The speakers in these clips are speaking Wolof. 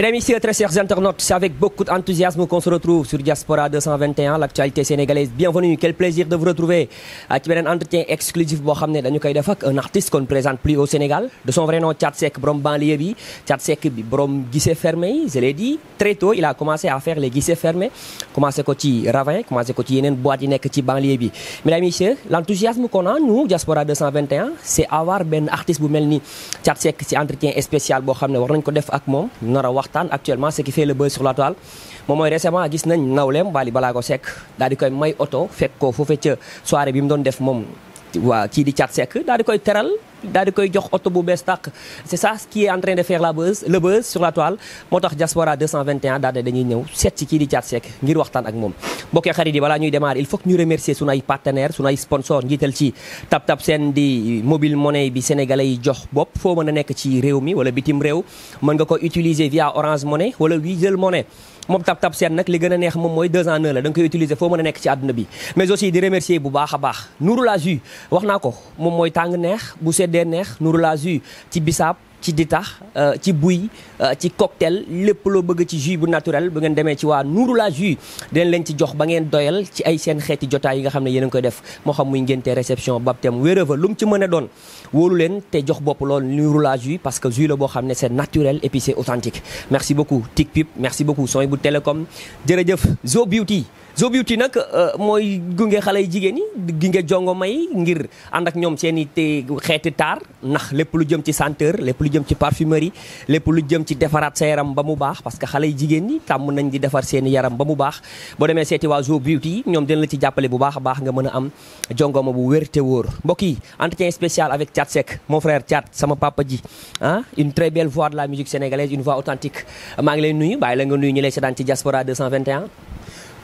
Mesdames, Messieurs, très chers internautes, c'est avec beaucoup d'enthousiasme qu'on se sénégalaise bienvenue quel plaisir de vous retrouver ah, ci beneen entretien exclusif boo xam ne dañu koy def un artiste qu'on ne présente plus au Sénégal de son vrai nom Thiat Seck borom bi Thiat Seck bi borom fermé yi très tôt il a commencé à faire les guichets fermés commencé ko ci ravin commencé ko ci yeneen boîte yi nekk ci banlieue bi Mesdames, Messieurs, l'enthousiasme qu'on ci entretien waxtaan actuellement ce qui fait le buzz sur la moom mooy récemment gis nañ nawleem Wally Ballago Seck daal di koy may oto fekk ko foofee ca soirée bi mu doon def moom waa kii di Thiat Seck daal di koy teral daal di koy jox oto bu bees tàq c'est ça ce qui est en de faire la buzz le buzz sur la toile moo tax cent 221 daal di dañuy ñëw seet ci kii di Thiat Seck ngir waxtaan ak moom mbokkee xarit yi balaa ñuy démarrer il faut ñu remercier su ay partenaires sunu ay sponsors njiital ci tap tap seen di mobile money bi sénégalais yi jox bopp foo mën a nekk ci réew mi wala bitim réew mën nga ko utiliser via Orange Money wala Wizall Money moom tap tap seen nag li gën a neex moom mooy deux en un la da nga koy utiliser foo mën a nekk ci àdduna bi mais aussi di remercier bu baax a baax Nourou la wax naa ko moom mooy tàng neex bu seddee neex nuru la jus ci bisaab ci ditax euh, ci buy euh, ci cocktail lépp loo bëgg ci jus bu naturel bu ngeen demee ci waa nuuru la jus dinañ leen ci jox ba ngeen doyal ci ay seen xeeti jotaay yi nga xam ne yéen a koy def moo xam muy ngénte réception baptême wéeré fa lu mu ci mën a doon wóolu leen te jox bopp lool nuuru la jus parce que jus la boo xam ne seen naturel et puis c'est authentique merci beaucoup Tic merci beaucoup Sony bu Télécom jërëjëf Zo Beauty Zo Beauty nag euh, mooy gunge xale yu jigéen ñi gunge jongo may ngir ànd ak ñoom seen i te xeeti taar ndax lépp lu jëm ci senteur lépp lu jëm ci parfumerie lépp lu jëm ci defaraat sa yaram ba mu baax parce que xale yi jigéen ñi tàmm nañ di defar seen yaram ba mu baax boo demee seeti waa Zo Beauty ñoom dina la ci jàppale bu baax a baax nga mën a am ma bu wér wóor mbokk yi entretien spécial avec Thiat Seck mon frère Thiat sama papa ji ah une très belle voix maa ngi lay nuyu bàyyi la nga nuyu ñu lay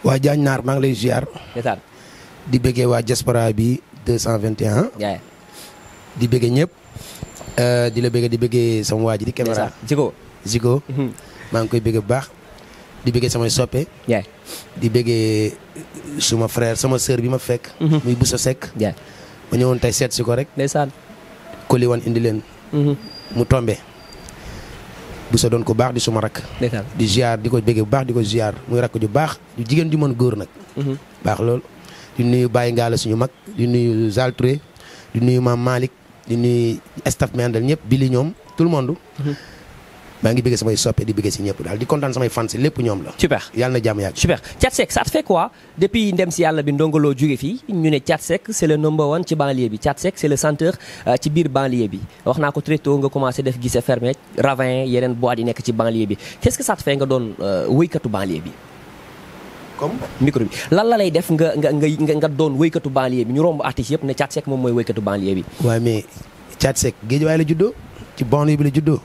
waa Diagne Naar maa ngi lay ziar. di bëggee waa diaspora bi 221. jaay di bëggee ñëpp. Euh, di la bëggee di bëggee sama waa ji di caméra. Zigo mhm. maa ngi koy bëggee bu baax. di bëggee samay soppe. di bëggee suma frère sama sœur bi ma fekk. Mhm. muy Bousso Seck. jaay ma ñëwoon tey seet si ko rek. ndeysaan. Koli wan indi leen. Mhm. mu tombé. bu sa doon ko baax di suma rakk di ziar di ko béggee bu baax di ko ziar muy rakk ju baax ju jigéen ju mën góor nag mm-hmm. baax lool di nuyu Baye Ngala suñu mag di nuyu Zal di nuyu Maam Malick di nuyu staff mi àndal ñëpp bi li ñoom tout le monde mm-hmm. maa ngi bégg samay soppe di bëgg si ñëpp daal di kontaan samay fans lépp ñoom la. super yàlla na jàmm yàgg. super Thiat Seck ça te fait quoi depuis ndem euh, ci biir banlieue bi wax naa ko très tôt nga commencé def gise fermé ravin yeneen boîte yi nekk ci banlieue bi qu' est ce que ça te nga doon euh, wëykatu banlieue bi. comme micro bi lan la lay def nga nga nga nga doon wëykatu banlieue bi ñu romb artiste yëpp ne Thiat Seck moom mooy wëykatu banlieue bi. waaw mais Thiat Seck ci banlieue bi la juddoo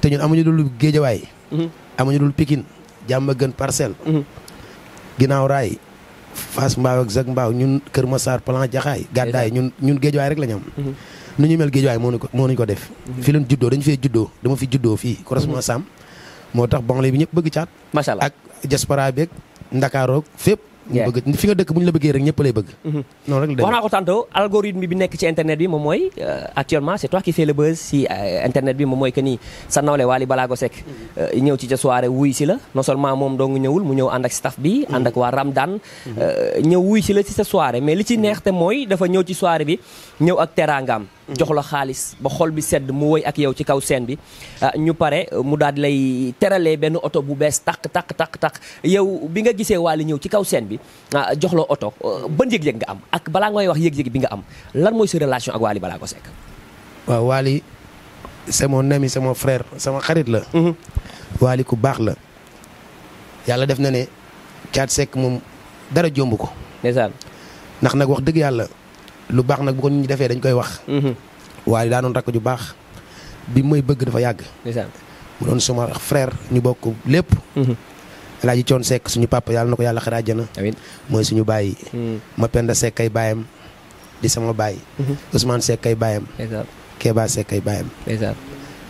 te ñun amuñu dul géejawaay. Mhm. amuñu dul pikin jàmm gën parcelle. Mhm. ginnaaw raay Fass Mbaaw ak Zag Mbaaw ñun Kër ma Massar Plan Jaxaay gàddaay ñun ñun géejawaay rek la ñu mhm. nu ñu mel géejawaay moo ñu ko moo ñu ko def. fi leen juddoo dañu fee juddoo dama fi juddoo fii. correspondant Sam moo tax banlieue bi ñëpp bëgg caat. macha ak diaspora beeg Ndakaaroog fépp. ñu bëgg fi nga dëkk bu ñu la bëggee rek ñëpp lay bëgg. Mm-hmm. noonu rek la wax naa ko tantôt algorithme bi nekk ci internet bi moom mooy euh, actuellement c'est toi qui fais le buzz si euh, internet bi moom mooy que ni sa nawle Wally Balago Seck. Euh, ñëw ci ca wuy si la non seulement moom dong ñëwul mu ñëw ànd ak staff bi. Mm-hmm. ànd ak waa Ramdan. Mm-hmm. ñëw wuy si la ci sa soirée mais li ci neex te mooy dafa ñëw ci soirée bi ñëw ak teraangaam. jox la xaalis ba xol bi sedd mu woy ak yow ci kaw seen bi ah, ñu pare euh, mu daal di lay terale benn oto bu bees tàq takk takk tàq yow bi nga gisee Wally ñëw ci kaw seen bi ah, jox la oto euh, ban yëg-yëg nga am ak balaa ngay wax yëg-yëg bi nga am lan mooy sa relation ak Wally balaa ko Seck waaw Wally c'est mon sama c'est sama xarit la mhm. Wally ku baax la yàlla def na ne Thiat Seck moom dara jomb ko ndeysaan nag wax dëgg yàlla lu baax nag bu ko nit defee dañ koy wax. Mhm. waaye daa doon rakk ju baax bi may bëgg dafa yàgg. mu doon suma frère ñu bokk lépp. Mhm. Alaaji Coon Seck suñu papa yàlla na ko yàlla xare na amiin mooy suñu baay yi. Mhm. Mapenda Seck kay baayam di sama baay. Ousmane Seck kay baayam. Keba Seck kay baayam.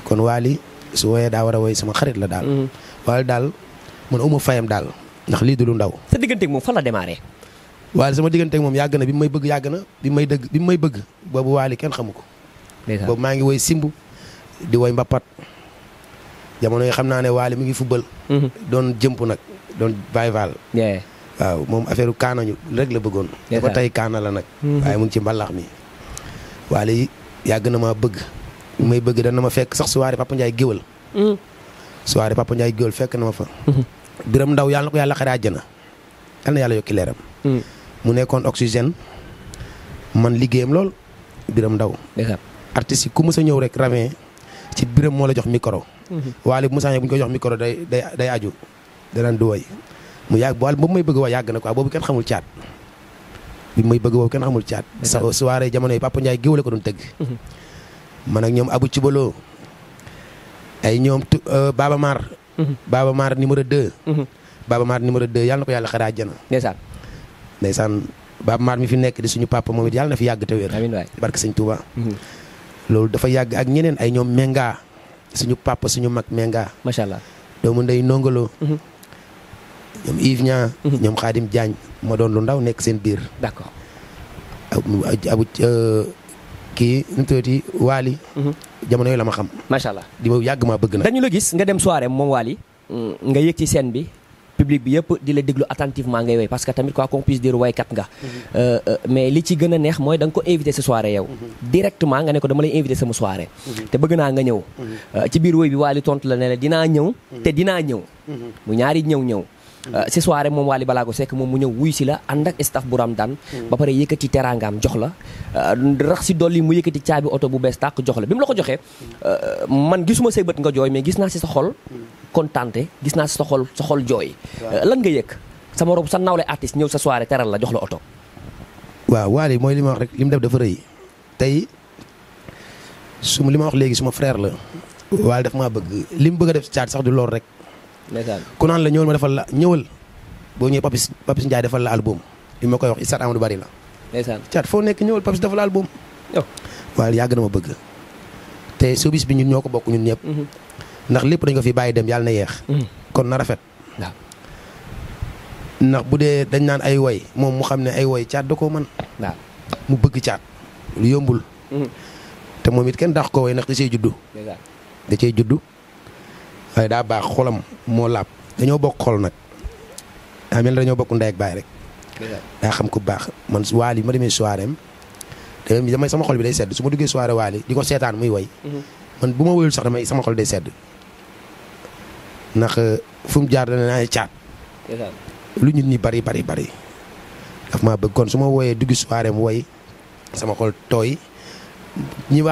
kon Waly su woyee daa war a woy sama xarit la daal. waaye daal a uma fayam daal ndax lii du lu ndaw. sa digganteeg moom fan la démarré. waali sama diggante moom yàgg na bi may bëgg yàgg na bi may dëgg bi may bëgg boobu waali kenn xamu ko boobu maa ngi woy simb di woy mbapat jamono yi xam naa ne waali mi ngi fubal mhm. doon jëmp nag doon bàyyi vaal waaw moom affaire kaanañu la bëggoon ba la nag mhm. waaye mu ngi ci mbalax mi waali yàgg na maa bëgg may bëgg dana ma fekk sax soirée Papa Ndiaye géwal mhm. soirée Papa Ndiaye géwal fekk na ma fa biram ndaw yàlla ko yàlla xare àjjana yàlla yokki leeram mu nekkoon oxygène man liggéeyam lool biram ndaw artiste yi ku mës ñëw rek ravin ci biram moo la jox micro waali bu mu sañee bu ñu ko jox micro day day day aju danaan du way mu yàgg waali boobu may bëgg waa yàgg na ko boobu kenn xamul caat bi may bëgg boobu kenn xamul caat sa soirée jamono yi Papa Ndiaye géwale ko doon tëgg mhm. man ak ñoom Abu Cibalo ay ñoom euh, Baba Mar mhm. Baba Mar numéro 2 mhm. Baba Mar numéro 2 yàlla na ko yàlla xaraa jana ndeysaan Baaba Maar mi fi nekk di suñu papa moom it yàlla na fi yàgg te wér. amiin waay barke sëñ Touba. Mhm. loolu dafa yàgg ak ñeneen ay ñoom Menga suñu papa suñu mag Menga. macha allah doomu ndey nongolo. Mhm. ñoom Yves mhm. doon lu ndaw nekk seen biir. d'accord abu euh, kii nu mu tuddati Waly. jamono yooyu la ma xam. macha allah di ma yàgg maa bëgg na. dañu la gis nga dem soirée moom Waly. Mm, nga yëg ci scène bi public bi yëpp di la déglu attentivement ngay woy parce que tamit quoi qu'on puisse dire waykat nga mhm. euh, euh, mais li ci gën a neex mooy da ko invité sa soirée yow mhm. directement nga ne ko dama lay invité sama soirée mhm. te bëgg naa nga ñëw euh, ci biir woy bi Wally tontu la ne la dinaa ñëw te dinaa ñëw mu ñaari ñëw ñëw Euh, si moom moom balaa Ballago Seck moom mu ñëw wuy si la ànd ak staff bu Ramdan hmm. ba pare yëkkati teraangaam jox la euh, rax si dolli mu yëkkati caabi oto bu bees tàq jox la bi mu la ko joxee euh, man gisuma say bët nga jooy mais gis naa si sa xol hmm. kontaante gis naa si sa xol sa xol jooy lan nga yëg sama morom sa nawle artiste ñëw sa soirée teral la jox la oto waaw Wally mooy li ma wax rek li mu def dafa rëy tey su li ma wax léegi suma frère la Wally daf maa bëgg li mu bëgg def si sax du lool rek ku naan la ñëwal ma defal la ñëwal boo ñëwee Papis Papis Ndiaye defal la album li ma koy wax Isat Amadou Bari la caat foo nekk ñëwal Papis defal la album waaye yàgg na ma bëgg te showbiz bi ñu ñoo ko bokk ñun ñëpp mhm. ndax lépp dañ ko fi bàyyi dem yàlla na yeex mhm. kon na rafet ndax bu dee dañ naan ay woy moom mu xam ne ay woy caat da koo mën mu bëgg caat lu yombul mhm. te moom it kenn daax ko woy ndax da cee juddu da cee juddu waaye daa baax xolam moo laab dañoo bokk xol nag daa mel dañoo bokk ndey ak baay rek. daa xam ku baax man waali ma demee soirée am damay sama xol bi day sedd su ma duggee soirée waali di ko muy way mhm. man bu ma woyul xol day sedd ndax euh, fu jaar dana naa caat. lu nit ñi bari bari bari. daf maa bëgg kon su ma wooyee dugg soirée mu woy sama xol tooy ñi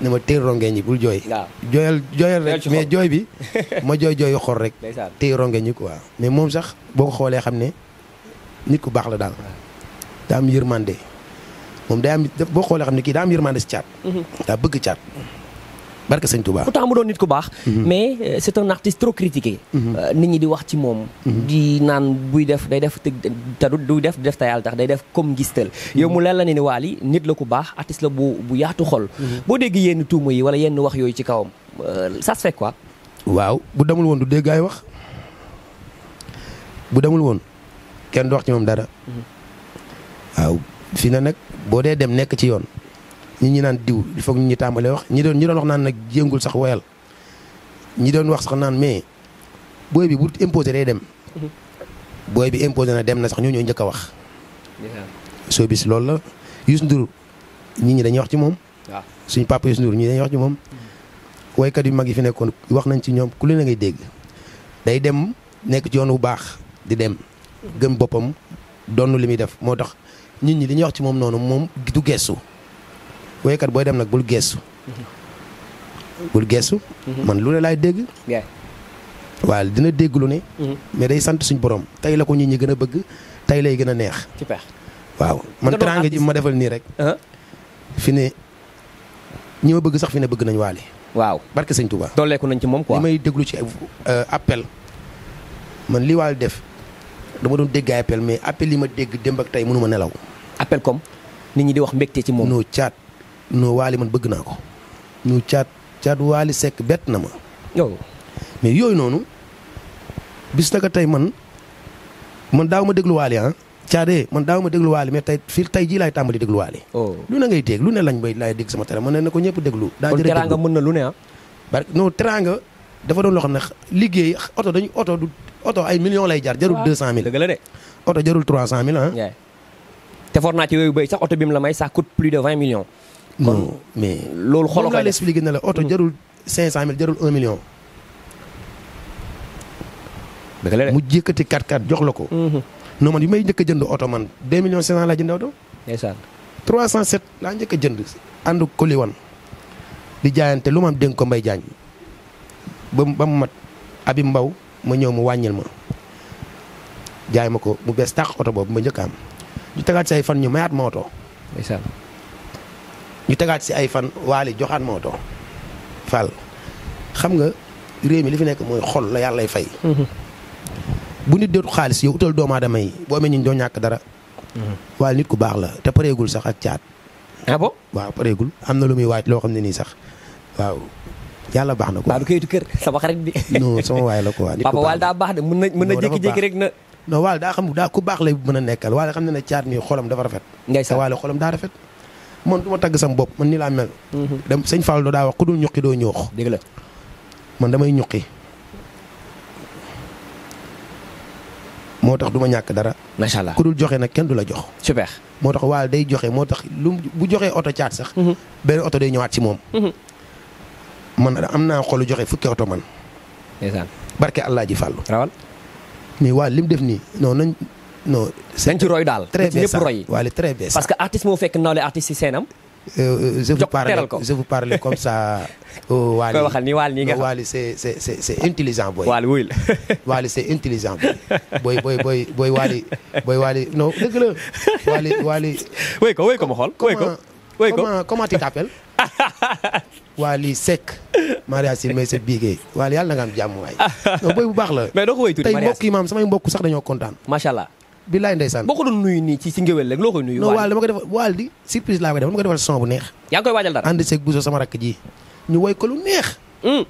ne ma téye rongeñ yi bul jooy. waaw jooyal jooyal rek mais jooy bi ma jooy jooyu xor rek. téye rongeñ yi quoi. mais moom sax boo ko xoolee xam ne nit ku baax la daal. daa am yërmande moom day am boo xoolee xam ne kii daa am yërmande si caat. Mhm. daa bëgg caat. barke sëñ Touba pourtant mu doon nit ku baax. Mhm. mais euh, c'est un artiste trop critiqué. Mhm. Euh, nit ñi di wax ci moom. Mhm. di naan buy def day def te du def def te yàlla tax day def comme ngistal yow mu leer la ne ni Wally nit la ku baax artiste la bu bu yaatu xol. boo dégg yenn tuuma yi wala yenn wax yooyu ci kawam euh, ça se fait quoi. waaw bu demul woon du dégg ay wax bu demul woon kenn du wax ci moom dara. waaw fi na nag boo dee dem nekk ci yoon. ñi ñi naan diw il faut ñu tàmbalee wax ñi doon ñi doon wax naan nag jéngul sax woyal doon wax naan mais booy bi bu imposé day dem booy bi imposé na dem na sax ñoo njëkk wax soo loolu la Youssou Ndour ñi ñi dañuy wax ci moom suñu papa Youssou Ndour ñi dañuy wax ci moom woykat yu mag yi fi nekkoon wax nañ ci ñoom ku leen a ngay dégg day dem nekk ci yoon bu baax di dem gëm boppam donn li muy def moo tax nit ñi dañuy wax ci moom noonu moom du gestu woykat booy dem nag bul geestu bul geestu mhm. man lu ne laay dégg waaw dina dégg lu ne mhm. mais day sant suñ borom tey la ko ñi ñi gën a bëgg tey lay gën a neex waaw man teraanga ji ma defal nii rek uh-huh. fi ne ñi ma bëgg sax fi ne bëgg nañ waale waaw barke sëñ Touba dooleeku nañ ci moom quoi li may déglu ci euh, appel man li waal def dama doon dégg appel mais appel li ma dégg démb ak tey mënu ma nelaw appel comme nit ñi di wax mbégte ci moom noo caat noo waali man bëgg naa ko ñu caat caat waali sekk bett na ma yow yooyu noonu bis naka tey man man daaw ma déglu waali ah caadee man daaw ma déglu waali tey fii tey jii laay tàmbali déglu waali oh. lu ne ngay dégg lu ne lañ bay laay dégg sama télé man na ko ñëpp déglu daa mën na lu ne ah parce que dafa doon loo xam liggéey oto dañu oto du oto ay millions lay jar jarul deux cent mille dëgg la de oto jarul trois cent mille ah te for naa ci yooyu bay sax oto bi mu la may ça coûte plus de vingt millions non mais loolu xooloo koy def expliqué na la oto jarul 500000 jarul 1 million. mu jékkati 4x4 jox la ko. Mhm. non man bi may njëkk jënd oto man 2 millions 500 laa jënd oto. ndeysaan. 307 laa njëkk a jënd ànd ko li wan di jaayante lu ma dénk ko mbay jaañ ba ba mu mat abi mbaw ma ñëw mu wàññil ma jaay ma ko mu bees tàq oto boobu ma njëkk am ñu tagaat say fan ñu mayaat ma oto. ñu tegaat si ay fan waali joxaat ma to Fall xam nga réew mi li fi nekk mooy xol la yàllay fay. Mhm. bu nit dootu xaalis yow utal doomu yi boo amee ñu doo ñàkk dara. Mhm. waali nit ku baax la te pareegul sax ak caat. ah bon waaw pareegul na lu muy waaj loo xam ne nii sax waaw. yàlla na ko waaw du kayitu kër sama xarit bi. la quoi. nit ku baax papa waal mën na mën na jékki-jékki rek na. non waal daa ku baax a nekkal waale xam ne ne caat mi xolam dafa rafet. ndeysaan te waale xolam daa rafet. man du ma tagg sam bopp man nii laa mel. Mhm. dem sëñ Fall doo daa wax ku dul ñuqi doo ñoox. dëgg la man damay ñuqi moo tax duma ñàkk dara. macha joxe na kenn du la jox. super moo tax waaye day joxe moo tax lu bu joxee oto caat sax. Mhm. benn oto day ñëwaat ci moom. Mhm. man am naa xolu joxe fukki oto man. barke allah ji fàllu. rawal mais lim def nii non nañ non dañ daal. très bien ça wala très bien parce que artiste moo fekk ndaw la artiste si seenam. Euh, euh, je vous parle je vous parle comme ça. Euh, waali koy ni waali nii nga xam waali c'est la waali c'est booy. booy booy booy waali booy waali non dëgg la waali ko wéy ko ma xool wéy ko wéy ko comment comment tu t'appelles. waali Seck. Maria si may sa biigee waali yàlla na nga am jàmm waay. booy baax la. mais doo mbokk yi maam samay mbokk sax dañoo kontaan. macha billaay ndeysaan boo ko doon nii ci si ngéwél rek loo koy nuyu non waal dama ko def waal di surprise laa koy def dama ko defal son bu neex yaa ngi koy sama rakk ji ñu woy ko lu neex hmm.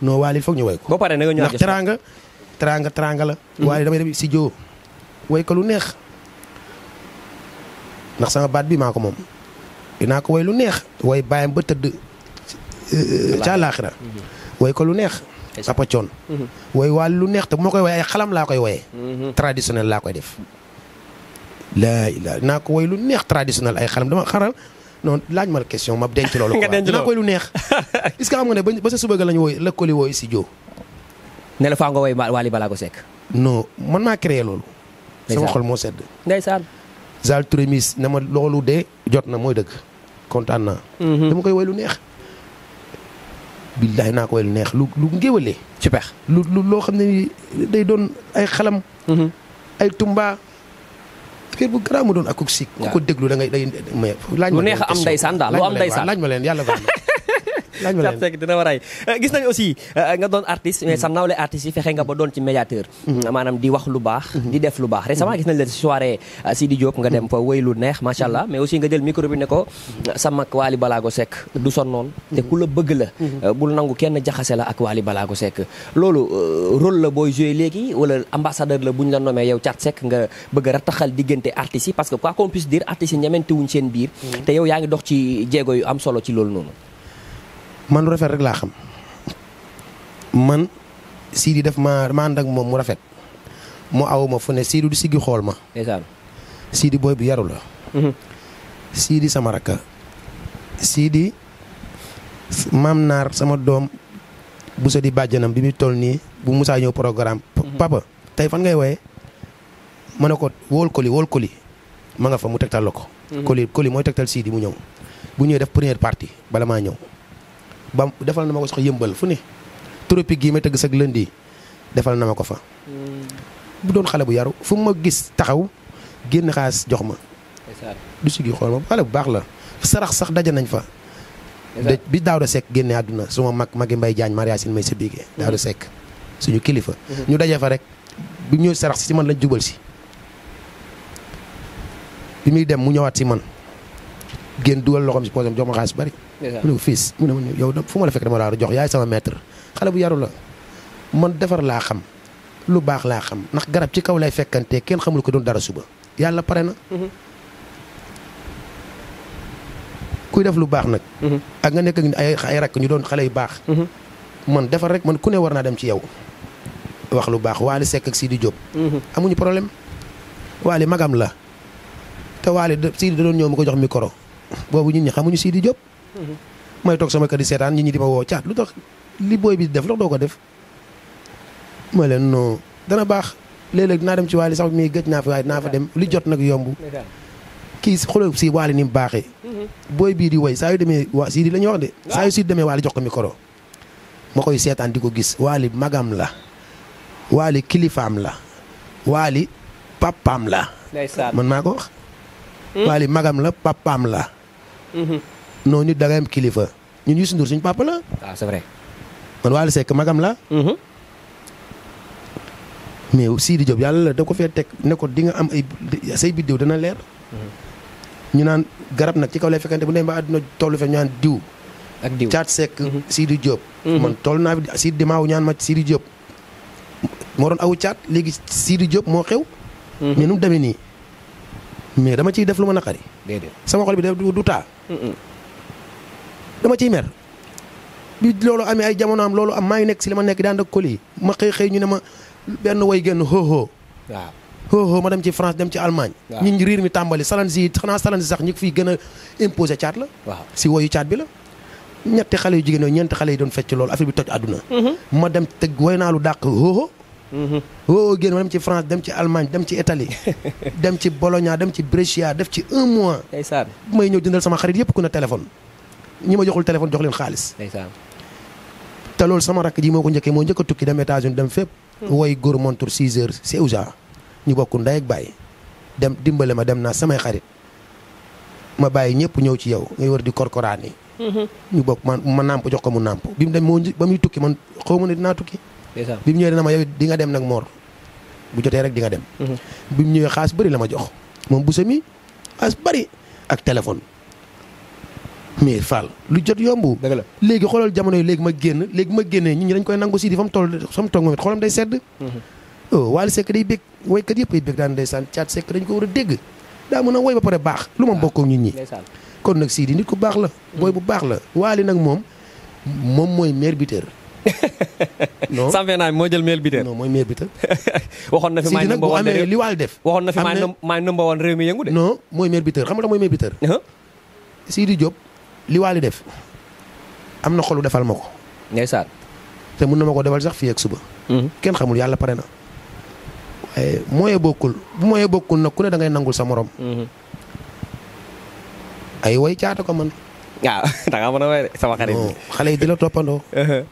non waal il foog ñu woy ko boo paree na ndax la hmm. waal damay si joo woy ko lu neex sama baat bi maa ko moom dinaa ko woy lu neex woy bàyyam ba tëdd euh, ca àllaaxira hmm. woy ko lu neex apa coon woy waal lu neex te bu ma koy woy ay xalam laa koy woyee traditionnel laa koy def laa ilaa naa ko woy lu neex traditionnel ay xaram dama xaral non laaj ma la question ma denc loolu. nga naa koy lu neex. est-ce que xam nga ne ba sa suba ga la ñu woy lëkkali woy si Dio. ne la faa nga woy Wally Ballago Seck. man maa créé loolu. sama xol moo sedd. ndeysaan. Zal Touré mis ne ma loolu de jot na mooy dëgg kontaan naa. Mhm. dama koy woy lu neex. billaay naa ko lu neex lu lu ngéwalee. ci pex lu loo xam ne day doon ay xalam. Mhm. ay tumba. affaire bu garaaw mu doon acoustique. ko déglu da ngay day. mais laaj ma leen a am ndeysaan laaj ma leen yàlla baax laaj ma leen dina ma ray eh, gis nañu aussi eh, nga doon artiste mais mm-hmm. sa nawle artiste yi fexe nga ba doon ci médiateur mm-hmm. maanaam di wax lu baax mm-hmm. di def lu baax récemment gis nañ la soirée eh, Sidi Diop nga dem fa wéy lu neex macha allah mais aussi nga jël micro ne ko sa mag Waly Balago Seck du sonnoon te ku la bëgg la bul nangu kenn jaxase la ak Waly Balago Seck loolu rôle la booy joué léegi wala ambassadeur la bu ñu la nommé yow Thiat nga bëgg a rattaxal diggante artistes yi parce que quoi qu'on puisse dire artistes yi ñemente wuñ seen biir te yow yaa ngi dox ci solo ci loolu noonu man lu rafet rek laa xam man Sidi def ma ma ànd moom mu rafet mu aw fu ne Sidi du siggi xool ma. siidi Sidi booy bu yaru la. Mhm. Sidi sama rakka siidi maam naar sama doom bu sa di bàjjanam bi mu toll nii bu musaa ñëw programme. Mhm. papa tey fan ngay woye ma ne ko wóol koli wóol koli ma nga fa mu tegtal la ko. Mhm. koli koli mooy tegtal Sidi mu ñëw bu ñuy def première parti bala maa ñëw. ba defal na ma ko sax yëmbal fu ne tropique yi may tëgg sax lënd yi defal na ma ko fa. Hmm. bu doon xale bu yaru fu ma gis taxaw génn xaas jox ma. du si gi xool ma xale bu baax la sarax sax daje nañ fa. bi daaw da sekk génne àdduna su ma mag magi mbay jaañ mariage may hmm. sa biige daaw da sekk suñu kilifa. Hmm. ñu daje fa rek bu ñëw sarax si man lañ jubal si. bi muy dem mu ñëwaat si man génn dugal loxoom si poosam jox ma xaalis bari. mu ne mu ne ma yow fu ma la fekk dama laa jox yaay sama maître xale bu yaru la man defar laa xam lu baax laa xam ndax garab ci kaw lay fekkante kenn xamul ko doon dara suba yàlla pare na mhm. kuy def lu baax nag mhm. ak nga nekk ay rakk ñu doon xale yu baax mhm. man defar rek man ku ne war naa dem ci yow wax lu baax Waly Seck ak Sidi Diop amuñu problème Waly magam la te Waly Sidi da doon ñëw mu ko jox micro boobu ñun ñi xamuñu Sidi Diop may toog sama kër di seetaan nit ñi di ma woo caat lu tax li booy bi def lox doo ko def ma leen non dana baax léeg-léeg dinaa dem ci waali sax mi gëj naa fi waaye dinaa fa dem li jot nag yomb kii xoolal si waali ni mu baaxee mhm. booy bii di woy saa yu demee waa sii di la wax de saa yu sii demee waali jox ko micro ma koy seetaan di ko gis waali magam la waali kilifaam la waali papaam la man maa ko wax hmm? waali magam la papaam la mhm. non nit da ngay am kilifa ñun Youssou Ndour suñu papa la. waaw ah, c'est vrai. man Wally Seck magam la. Mm-hmm. mais Sidi Diop yàlla la da ko fee teg ne ko di nga am ay say biddew dana leer. Mm-hmm. ñu naan garab nag ci kaw lay fekkante bu ne ba àdduna tollu fe ñaan naan diw. ak diw Thiat Seck. Mm-hmm. Sidi Diop. man toll naa fi Sidi Dimaaw ñaan ma Sidi Diop. moo doon awu Thiat léegi Sidi Diop moo xew. mais nu mu demee nii mais dama ciy def lu ma naqari. sama xol bi du taa. dama ciy mer bi loolu amee ay jamono am loolu am maa ngi nekk si li ma nekk daan ak colis ma xëy xëy ñu ne ma benn woy génn xooxoo. waaw ma dem ci France dem ci Allemagne. waaw ñun mi tàmbali salansi xanaa salansi sax ñu fiy gën a imposer caat la. waaw si woyu caat bi la. ñetti xale yu jigéen ñeenti xale yi doon fecc loolu affaire bi toj àdduna. Mhm. ma dem te way naa lu dàq xooxoo. xooxoo mhm. génn dem ci France dem ci Allemagne dem ci Italie dem ci Bologna dem ci Brescia def ci un mois. may ñëw jëndal sama xarit yëpp ku ne téléphone. ñi ma joxul téléphone jox leen xaalis. te loolu sama rakk ji moo ko njëkkee moo njëkk a tukki dem États-Unis dem fépp. Hmm. woy góor montur 6 heures c'est ousa ñu bokk ndey ak bàyyi dem dimbale ma dem naa samay xarit ma bàyyi ñëpp ñëw ci yow ngay war di korkoraan hmm. ñu bokk ma nàmp jox ko mu nàmp bi mu dem moo ba muy tukki man xaw ma ne dinaa tukki. bi mu ñëwee dina ma yow di nga dem nag moor bu jotee rek di nga dem. Hmm. bi mu ñëwee xaas bëri la ma jox moom bu sami xaas bëri ak mais Fall lu jot yomb. dëgg la léegi xoolal jamono yi léegi ma génn léegi ma génnee ñun ñi dañ koy nangu si di fa mu toll fa mu toog moom it xoolam day sedd. Mm-hmm. Oh, Wally Seck bég woykat yëpp ay bég daan ndeysaan Thiat Seck dañ ko war a dégg daa mën a woy ba pare baax lu ma ah, bokk ak nit ñi. kon nag Sidi nit ku baax la. booy bu baax la Wally nag moom moom mooy maire buteur. non Samba Naim moo jël maire buteur. non mooy maire buteur. waxoon na maay nag bu amee li Wally def. waxoon na fi maay number one réew mi yëngu de. non mooy maire buteur xam nga mooy maire buteur. Uh-huh. Sidi Diop. li Wally def am na xolu defal ma ko. ngay ndeysaan. te mun na ma ko defal sax fii ak suba. Mhm. kenn xamul yàlla pare na. waaye mooyee bokkul bu mooyee bokkul nag ku ne dangay ngay nangul sa morom. Mhm. ay way caata ko man. waaw ah, da ngaa mën a way sama xarit. xale yi di la toppandoo. Uh-huh.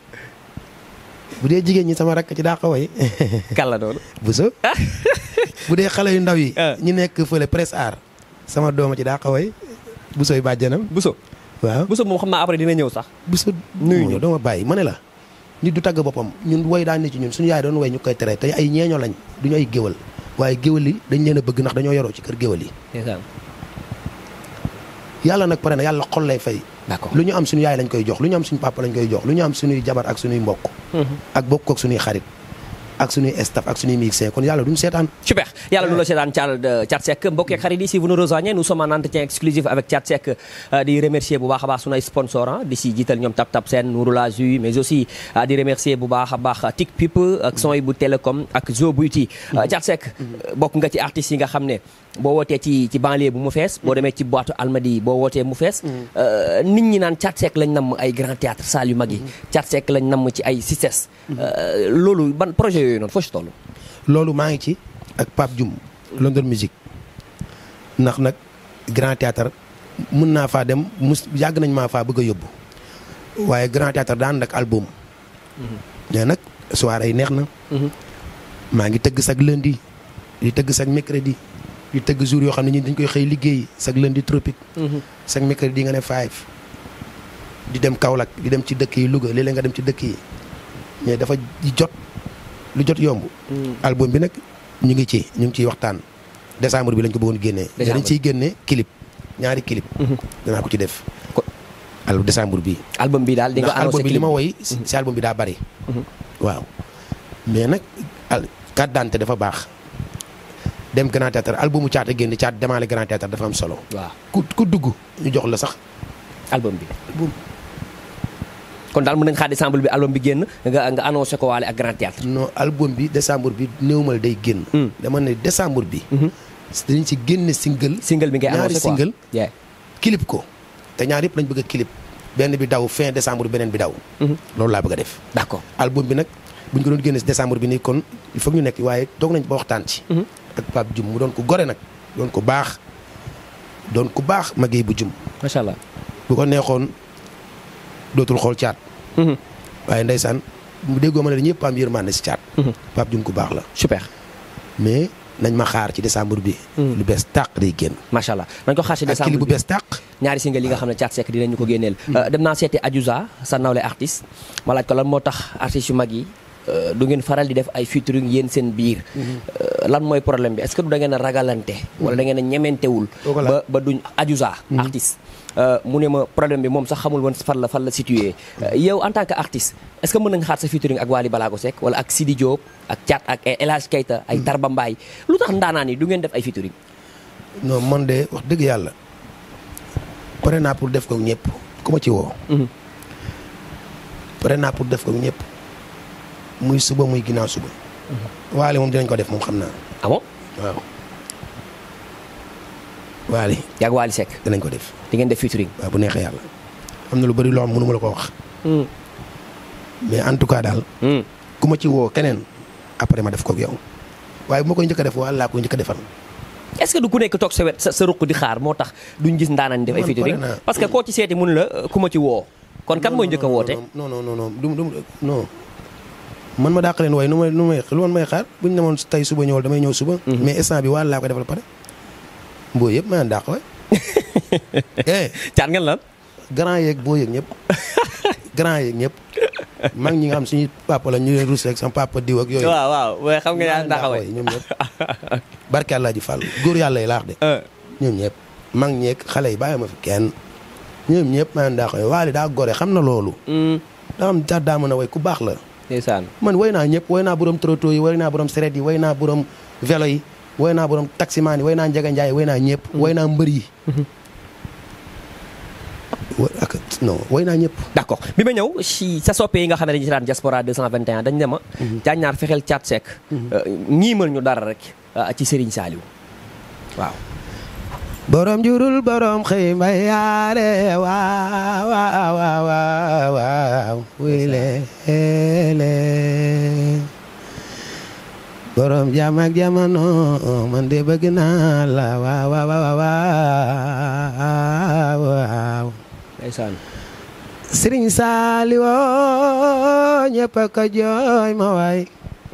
bu dee jigéen ñi sama rakk ci daa ko way. kan bu dee xale yu ndaw yi. Ah. ñu nekk fële presse aar. sama dooma ci daa ko way. bu soy waaw Bousso moom xam naa après dina ñëw sax. Bousso nuyu ñu dama bàyyi ma ne la. nit du tagg boppam ñun woy daan ne ci ñun suñu yaay doon woy ñu koy tere te ay ñeeño lañ duñu ay géwal waaye géwal yi dañ leen a bëgg ndax dañoo yoroo ci kër géwal yi. yàlla nag pare na yàlla xol lay fay. d'accord lu ñu am suñu yaay lañ koy jox lu ñu am suñu papa lañ koy jox lu ñu am suñuy jabar ak suñuy mbokk. Mhm. ak bokk ak suñuy xarit. ak suñuy staff ak suñuy musiciens kon yàlla duñu seetaan super yàlla du la eh. seetaan euh, Thiat Seck mbokk xarit yi si vous nous rejoignez nous sommes en entretien exclusif avec Thiat Seck euh, di remercier bu baax a baax suñuy sponsor a di si jiital ñoom tap tap seen Nouroula Jus mais aussi euh, di remercier bu baax a baax Tic ak Soy bu Télécom ak Zo Beauty mm-hmm. Thiat Seck mm-hmm. bokk nga ci artistes yi nga xam ne boo wootee ci ci banlieue bu mu fees boo demee ci boîte almadi mm-hmm. ñi naan Thiat Seck lañ namm ay grand théâtre yu mag yi Thiat Seck lañ namm ci ay yooyu noonu foo ci loolu maa ngi ci ak Pape Dioum London Musique ndax nag Grand Théâtre mën naa faa dem mus yàgg nañ maa faa bëgg a yóbbu waaye Grand Théâtre daan nag album. Mhm. mais nag soirée yi neex na. Mhm. maa ngi tëgg sag lundi di tëgg sag mercredi di tëgg jour yoo xam ne ñun dañ koy xëy liggéey sag lundi tropique. sag mhm. mercredi nga ne five di dem Kaolack di dem ci dëkk yi Louga léeg-léeg nga dem ci dëkk yi mais dafa jot lu jot yomb. Hmm. album bi nag ñu ngi ci ñu ngi ciy waxtaan. décembre bi lañ ko bëggoon génnee. décembre dañ ciy génne clip ñaari clip. Hmm. danaa ko ci def. al décembre bi album bi daal di nga bi li ma woy hmm. si album bi daa bari. waaw mais nag al carte dafa baax. dem grand théâtre albumu caata génn caat demaale grand théâtre dafa am solo. waaw ku dugg ñu jox la sax. album bi kon daal mën nañ xaar décembre bi album bi génn nga nga annoncé ko waale ak Grand Théâtre non album bi décembre bi néewmal day génn hmm. dama ne décembre bi hmm. dañ ci génne single single bi ngay annoncé quoi ñaari single ko te ñaar yëpp lañ bëgg a clip benn bi daw fin décembre beneen bi daw hmm. loolu laa bëgg a def d'accord album bi nag bu ñu ko doon génne si bi nii kon il ñu nekk waaye toog nañ ba waxtaan ci ak Pape Dioum mu doon ko gore nag doon ko baax doon ku baax dootul xool caat. Mhm. waaye ndeysaan mu déggoo ma ne ñëpp am yërmande si caat. Mhm. Pape Dioum ku baax la. super mais nañ ma xaar ci décembre bi. Mhm. lu bees tàq day génn. macha allah nañ ko xaar ci décembre bi bu bees tàq. ñaari single yi nga xam ne Thiat Seck dinañu ko génneel. Euh, dem naa seeti Adiouza sa nawle artiste ma laaj ko lan moo tax artistes yu mag yi euh, du ngeen faral di def ay featuring yéen seen biir. Euh, lan mooy problème bi est-ce que du da ngeen a ragalante. wala da ngeen a Euh, mu ne ma problème bi moom sax xamul woon fan la fan la situé euh, yow en tant que artiste est ce que mën nañ xaar sa featuring ak Wally Balago Seck wala ak Sidi Diop ak Thiat ak El Hadj Keita ay hmm. Tarba Mbaye lu tax ndaanaan yi du ngeen def ay featuring non man de wax dëgg yàlla pare naa pour def ko ñëpp ku ma ci woo hmm. pare naa pour def ko ñëpp muy suba muy ginnaaw suba hmm. waale moom dinañ ko def moom xam naa ah Waly yaag Waly Seck danañ ko def di ngeen def featuring waaw bu neexee yàlla am na lu bëri loo xam ma la ko wax hmm. mais en tout cas daal hmm. ku ma ci woo keneen après ma def koog yow waaye bu ma koy def wala laa koy njëkk a defal est ku nekk toog sa wet sa ruq di xaar moo tax duñ gis ndaanaan def ay featuring parce que koo ci seeti la ku ma ci woo kon kan mooy njëkk a woote non no non non dum dum non man ma dàq leen waaye nu may nu may lu woon may xaar buñ demoon tey suba ñëwal damay ñëw suba mhm. mais instant bi wala laa koy defal pare mbooy yëpp maa dàq waay. Eh. caat ngeen lan. grand yeeg boo yeeg ñëpp grand ñëpp mag ñi nga xam suñu papa la ñu leen ruus rek papa diw ak yooyu. waaw waaw waaye xam nga yaa ndaxawee ñoom ñëpp. barke El fal Fall góor yàlla yi de. Eh. ñoom ñëpp mag ñeeg xale yi bàyyi ma fi kenn ñoom ñëpp maa ndaxawee waale daa gore xam na loolu. Mm. daa xam caat daa mën way ku baax la. ndeysaan man way naa ñëpp way naa borom trottoir yi way naa borom seret yi way naa borom vélo yi. woy naa borom taximaani woy naa Ndiaga Ndiaye woy naa ñëpp. woy naa mbër yi. ak non accord bi ma ñëw si sa soppe yi nga xam ne dañuy seetaan diaspora 221 dañ ne ma. ñaar fexeel caat sekk. ñiimal ñu dara rek ci Serigne Saliou borom jurul borom xëy yaare waaw waaw waaw waaw. borom jaam ak man de bëgg naa la waaw waaw waaw waaw. ndeysaan. a jooy ma waay.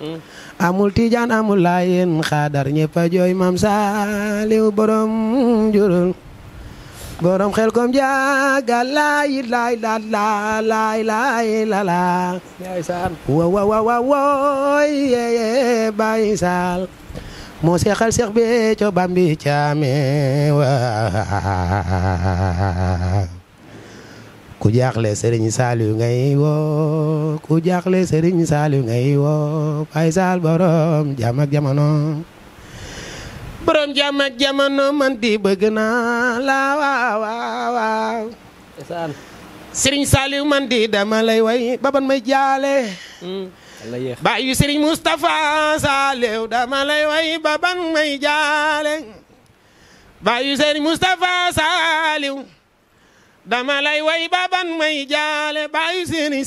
Hmm. amul tijaan amul laayeen xaadar ñëpp a jooy maam Saaliw borom jurul. borom xel kom jaaga laay laay laay wa wa wa wa wooy yeye Baay Saal moo seexal seex bi co bambi caame wa ku jaaxle Serigne Saliou ngay woo ku jaaxle Serigne Saliou ngay woo Baay borom jàmm ak jàmm ak jamono man di bëgg naa la waaw waaw. Serigne Saliou man di dama lay way baban may jaale. Hmm, baayu Serigne Moustapha Saliou dama way baban may jaale. baayu Serigne Moustapha Saliou dama way baban may jaale baayu Serigne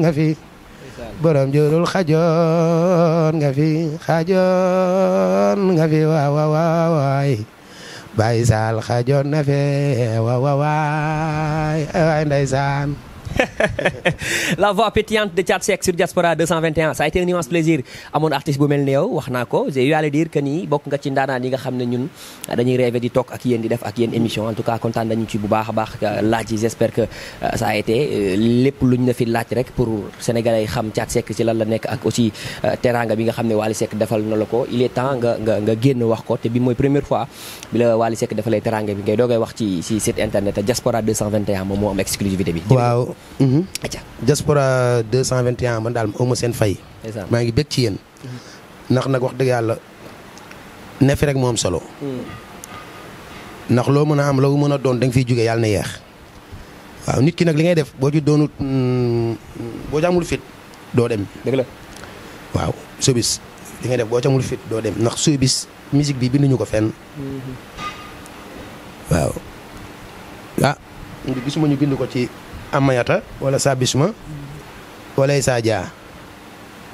nga fi. borom jurul xajoon nga fi xajoon nga fi na fe waawaay ay ndeysaan la voix pétillante de Thiat Seck sur Diaspora 221 a été un immense plaisir amoon artiste bu mel ni yow wax naa ko j'ai eu à le dire bokk nga ci ndaanaan yi nga xam ne ñun ah, dañuy rêvé di toog ak yéen di def ak yéen émission en tout cas kontaan nañu ci bu baax a baax euh, laaj yi j'espère que euh, ça a été euh, lépp luñ la fi laaj rek pour sénégalais yi xam Thiat Seck ci lan la nekk ak aussi teraanga bi nga xam ne Wally Seck defal na la ko il est temps nga nga génn wax ko te bi mooy première fois bi la Wally Seck defalee teraanga bi ngay doogay wax ci ci site internet Diaspora bi waaw Mhm. atia diaspora 221 man daal ma ëmm seen fay. maa ngi bég ci yéen. Mhm. ndax nag wax dëgg yàlla ne fi rek moom solo. Mhm. ndax loo mën a am loo mën a doon da nga fiy jóge yàlla na yeex. waaw nit ki nag li ngay def boo ci doonut mm, boo ci amul fit doo dem. dëgg la waaw sobis li boo ci amul doo dem ndax sobis musique bi binduñu ko fenn. waaw ah gisuma ñu bind ko ci. amayata wala sabisma wala saa jaa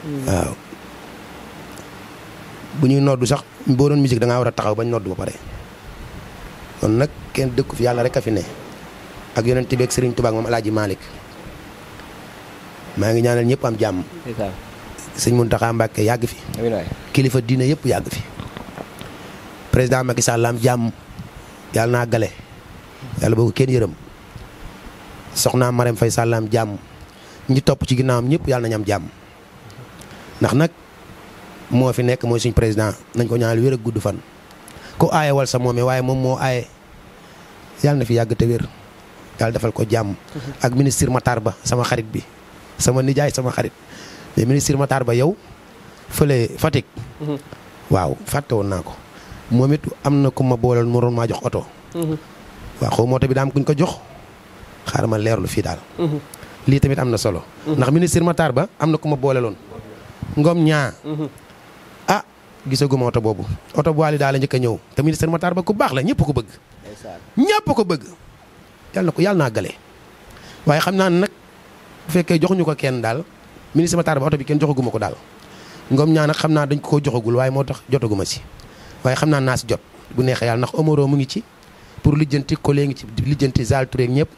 hmm. waaw bu ñuy noddu sax boo doon musique da war a taxaw bañ noddu ba pare kon nag kenn dëkku fi yàlla rek a fi ne ak yonent bi ak Serigne Touba ak moom El Hadj Malick maa ngi ñaanal ñëpp am jàmm. sëñ Mountakha Mbacké yàgg fi. kilifa diina yëpp yàgg fi. président Macky Sall am jàmm yàlla naa gale. yàlla boo ko kenn yërëm. soxnaa Marème Faye Sall am jàmm ñu topp ci ginnaawam ñëpp yàlla nañu am jàmm ndax nag moo fi nekk mooy suñ président nañ ko ñaanal wér ak gudd fan ku aaye wal sa moomee waaye moom moo aaye yàlla na fi yàgg te wér yàlla defal ko jàmm ak ministre Matar Ba sama xarit bi sama nijaay sama xarit mais ministre Matar Ba yow fële Fatick waaw fàtte woon naa ko moom it am na ku ma booleel moo doon maa jox oto waaw xaw moto bi daam kuñ ko jox xaaral ma leerlu fii daal. Mhm. lii tamit am na solo. Mhm. ndax ministre Matar Ba am na ku ma boole loon. ngoom ñaa. Mhm. ah gisaguma oto boobu oto bu Waly daal la njëkk a ñëw te ministre Matar Ba ku baax la ñëpp ko bëgg. ñëpp ko bëgg. yàlla na ko yàlla naa gale. waaye xam naa nag bu fekkee joxuñu ko kenn daal ministre Matar Ba oto bi kenn joxaguma ko daal. ngoom ñaa nag xam naa dañ ko joxagul waaye moo tax jotaguma si. waaye xam naa naa si jot bu neexee yàlla ndax Omoro mu ngi ci pour lijjanti collègue ngi ci lijjanti Zal ñëpp.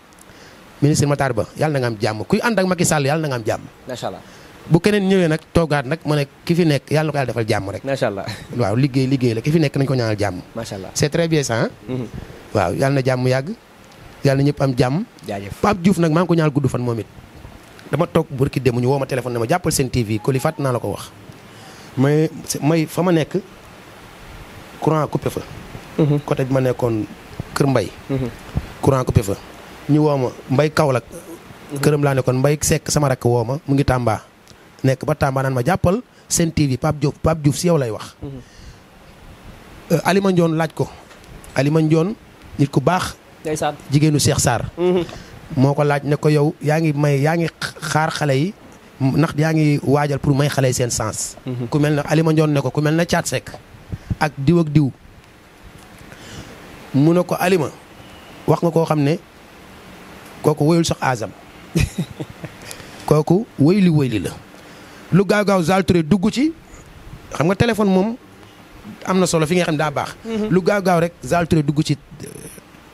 ministre Matar Ba yàlla na nga am jàmm kuy ànd ak Macky Sall yàlla na nga am jàmm. macha allah bu keneen ñëwee nag toogaat nag ma ne ki fi nekk yàlla na ko yàlla defal jàmm rek. macha allah waaw liggéey liggéey la ki fi nekk nañu ko ñaanal jàmm. macha allah c'est très mm-hmm. waaw yàlla na jàmm yàgg yàlla na am jàmm. jaajëf Pape Diouf nag maa ngi ko ñaanal gudd fan moom it dama toog burki démb ñu woo ma téléphone ne ma jàppal seen TV Coly fàtt naa la ko wax may may fa ma nekk courant coupé fa. Mm-hmm. ma nekkoon Kër Mbay mm-hmm. courant ñu woo ma mbay Kaolack këram laa nekkoon mbay Seck sama rakk woo mu ngi Tamba nekk ba Tamba naan ma jàppal seen TV Pape Diouf Pape Diouf si yow lay wax. Euh, Alima Ndione laaj ko Alima Ndione nit ku baax. ndeysaan jigéenu Cheikh Sarr. Mhm. moo ko laaj ne ko yow yaa ngi ngi xaar xale yi ndax yaa ngi waajal pour may xale mhm. ku mel ne Alima Ndione ak diw ak diw mu ne ko Alima wax nga koo xam ne. kooku woyul sax aasam kooku woyli woyli la lu gaaw gaaw Zal Touré dugg ci xam nga téléphone moom am na solo fi nga xam ne daa baax. Mhm. lu gaaw gaaw rek Zal Touré dugg ci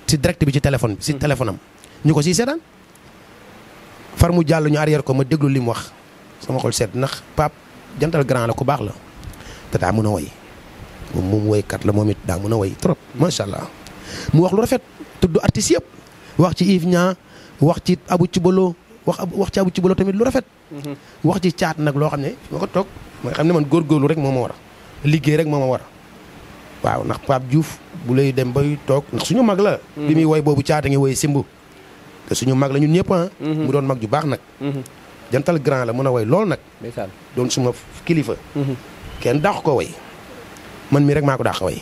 ci direct bi ci téléphone bi si mhm. téléphone ñu ko siy seetaan far mu jàll ñu arrière ko ma déglu li mu wax sama xol seet ndax pap jantal grand la ku baax la te daa mën a woy moom moom woykat la moom it daa mën a woy trop mhm. macha allah mu wax lu rafet tudd artiste yëpp wax ci Yves Niang wax ci abu ci bolo wax wax ci tamit lu rafet. Mm-hmm. wax ci caat nag loo xam ne ma ko toog mooy xam ne man góorgóorlu rek moo ma war a liggéey rek moo ma war a waaw ndax Pape Diouf bu lay dem bay toog ndax suñu mag la. Mm-hmm. bi muy woy boobu caata ngi woy simb. te suñu mag la ñun ñëpp ah. mm-hmm. mu doon mag ju baax nag. jantal grand la mën a woy lool nag. doon suma kilifa. kenn dàq ko woy. man mii rek maa ko dàq way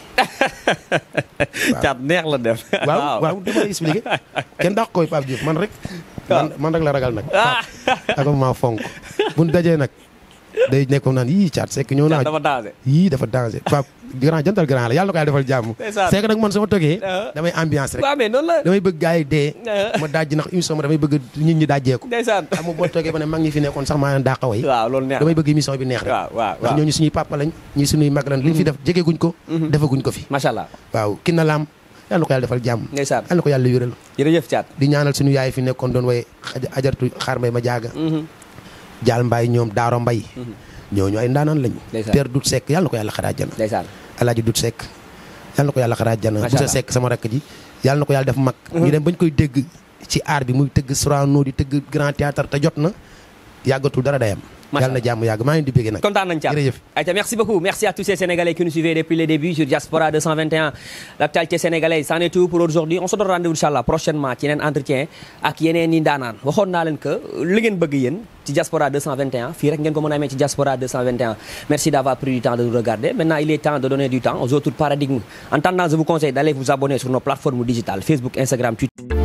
caat neex la def. waaw waaw dama lay expliqué kenn dàq koy Pape Diouf man rek. man rek la ragal nag. Ah. ak maa fonk bu ñu dajee nag day nekk naan yii caat sekk ñëw naa. yii dafa danger grand jantal grand la yàlla na ko yàlla defal jàmm c'est nag man sama toggee ah. damay ambiance rek la damay bëgg gars yi dee ah. ma dajji ndax émission ma damay bëgg nit ñi dajjeeku ndeysaan xam nga boo na laam yàlla yaay fi nekkoon doon way ajartu xaar mbay ma jaaga mhm. jaal mbay ñoom daaro mbay mhm. ñooñu ay ndaanaan lañu. ndeysaan Père Dut na ko yàlla xaraa jënd. ndeysaan alaaji du sekk yàlla na ko yàlla xaraaj jana bu sekk sama rakk ji yàlla na ko yàlla def mag mhm. ñu dem bañ koy dégg ci aar bi muy tëgg Sorano di tëgg grand théâtre te jot na yàggatul dara dayam yàlla na jàmm yàgg maa ngi di bëgg nag kontaan nañ Thiam jërëjëf ayca merci beaucoup merci à tous Sénégalais qui nous suivaient depuis le début sur Diaspora 221 l'actualité sénégalaise c'en est tout pour aujourd'hui on se rendez-vous inchallah prochainement ci yeneen entretien ak yeneen yi ndaanaan waxoon naa leen que li ngeen bëgg yéen ci Diaspora 221 fii rek ngeen ko mën a amee ci Diaspora 221 merci d'avoir pris du temps de nous regarder maintenant il